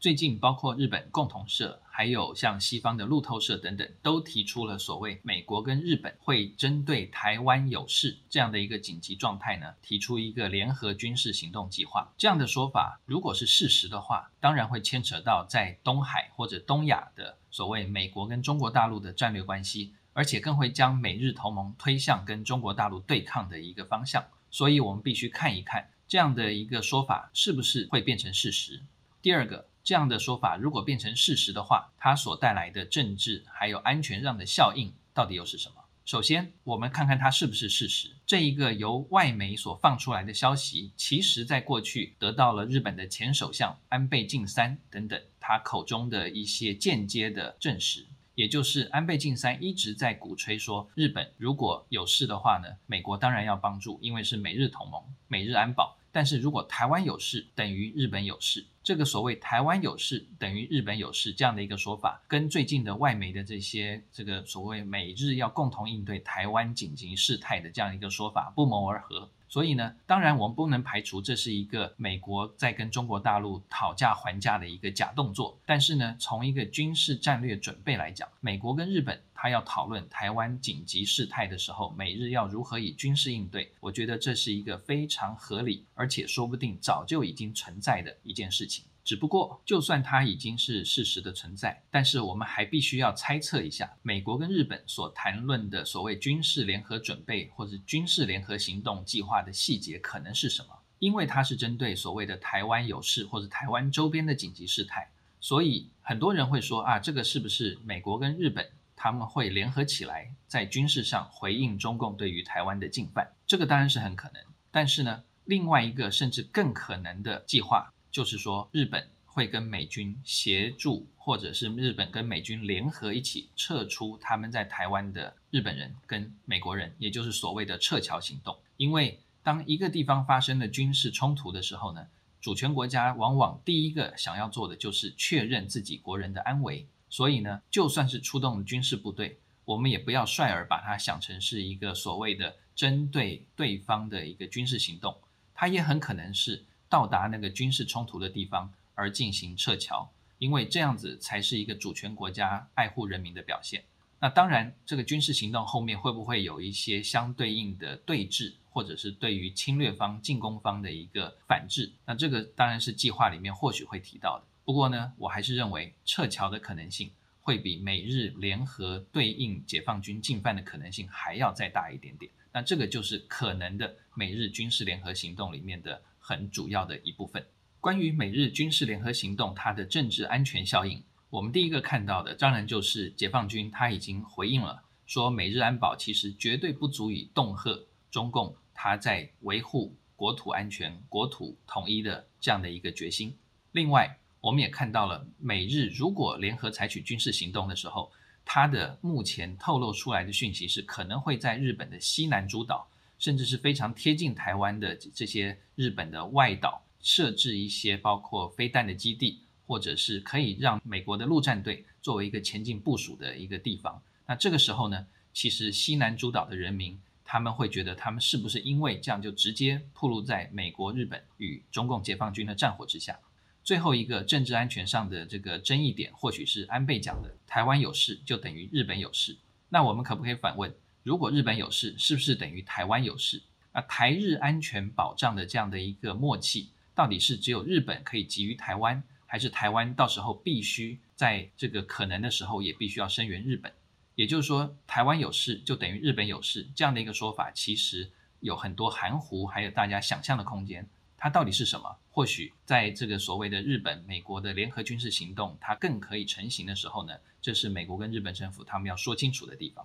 最近，包括日本共同社，還有像西方的路透社等等，都提出了所謂美國跟日本會針對台灣有事這樣的一個緊急狀態呢，提出一個聯合軍事行動計劃。這樣的說法，如果是事實的話，當然會牽扯到在東海或者東亞的所謂美國跟中國大陸的戰略關係，而且更會將美日同盟推向跟中國大陸對抗的一個方向。所以，我們必須看一看這樣的一個說法是不是會變成事實。第二個。這樣的說法如果變成事實的話，它所帶來的政治還有安全上的效應到底又是什麼？首先，我們看看它是不是事實。這一個由外媒所放出來的消息，其實在過去得到了日本的前首相安倍晉三等等他口中的一些間接的證實。也就是安倍晉三一直在鼓吹說，日本如果有事的話呢，美國當然要幫助，因為是美日同盟、美日安保。但是如果台灣有事，等於日本有事。這個所謂“臺灣有事等於日本有事”這樣的一個說法，跟最近的外媒的這些這個所謂美日要共同應對台灣緊急事態的這樣一個說法不謀而合。所以呢，當然我們不能排除這是一個美國在跟中國大陸討價還價的一個假動作。但是呢，從一個軍事戰略準備來講，美國跟日本他要討論台灣緊急事態的時候，美日要如何以軍事應對。我覺得這是一個非常合理，而且說不定早就已經存在的一件事情。只不過，就算它已經是事實的存在，但是我們還必須要猜測一下，美國跟日本所談論的所謂軍事聯合準備或者軍事聯合行動計劃的細節可能是什麼？因為它是針對所謂的台灣有事或者台灣周邊的緊急事態，所以很多人會說啊，這個是不是美國跟日本？他們會聯合起來，在軍事上回應中共對於台灣的進犯，這個當然是很可能。但是呢，另外一個甚至更可能的計劃，就是說日本會跟美軍協助，或者是日本跟美軍聯合一起撤出他們在台灣的日本人跟美國人，也就是所謂的撤僑行動。因為當一個地方發生了軍事衝突的時候呢，主權國家往往第一個想要做的就是確認自己國人的安危，所以呢，就算是出動軍事部隊，我們也不要率爾把它想成是一個所謂的針對對方的一個軍事行動，它也很可能是到達那個軍事衝突的地方而進行撤僑，因為這樣子才是一個主權國家愛護人民的表現。那當然，這個軍事行動後面會不會有一些相對應的對峙，或者是對於侵略方、進攻方的一個反制？那這個當然是計劃裡面或許會提到的。不過呢，我還是認為撤僑的可能性會比美日聯合對應解放軍進犯的可能性還要再大一點點。那這個就是可能的美日軍事聯合行動裡面的很主要的一部分。關於美日軍事聯合行動，它的政治安全效應。我們第一個看到的，當然就是解放軍他已經回應了，說美日安保其實絕對不足以恫嚇中共，他在維護國土安全、國土統一的這樣的一個決心。另外，我們也看到了，美日如果聯合採取軍事行動的時候，它的目前透露出來的訊息是，可能會在日本的西南諸島，甚至是非常貼近台灣的這些日本的外島，設置一些包括飛彈的基地。或者是可以讓美國的陸戰隊作為一個前進部署的一個地方。那這個時候呢，其實西南諸島的人民他們會覺得，他們是不是因為這樣就直接暴露在美國、日本與中共解放軍的戰火之下？最後一個政治安全上的這個爭議點，或許是安倍講的“台灣有事就等於日本有事”。那我們可不可以反問：如果日本有事，是不是等於台灣有事？那台日安全保障的這樣的一個默契，到底是只有日本可以給予台灣？還是臺灣到時候必須在這個可能的時候，也必須要聲援日本。也就是說，臺灣有事就等於日本有事，這樣的一個說法其實有很多含糊，還有大家想象的空間。它到底是什麼？或許在這個所謂的日本、美國的聯合軍事行動，它更可以成型的時候呢，這是美國跟日本政府他們要說清楚的地方。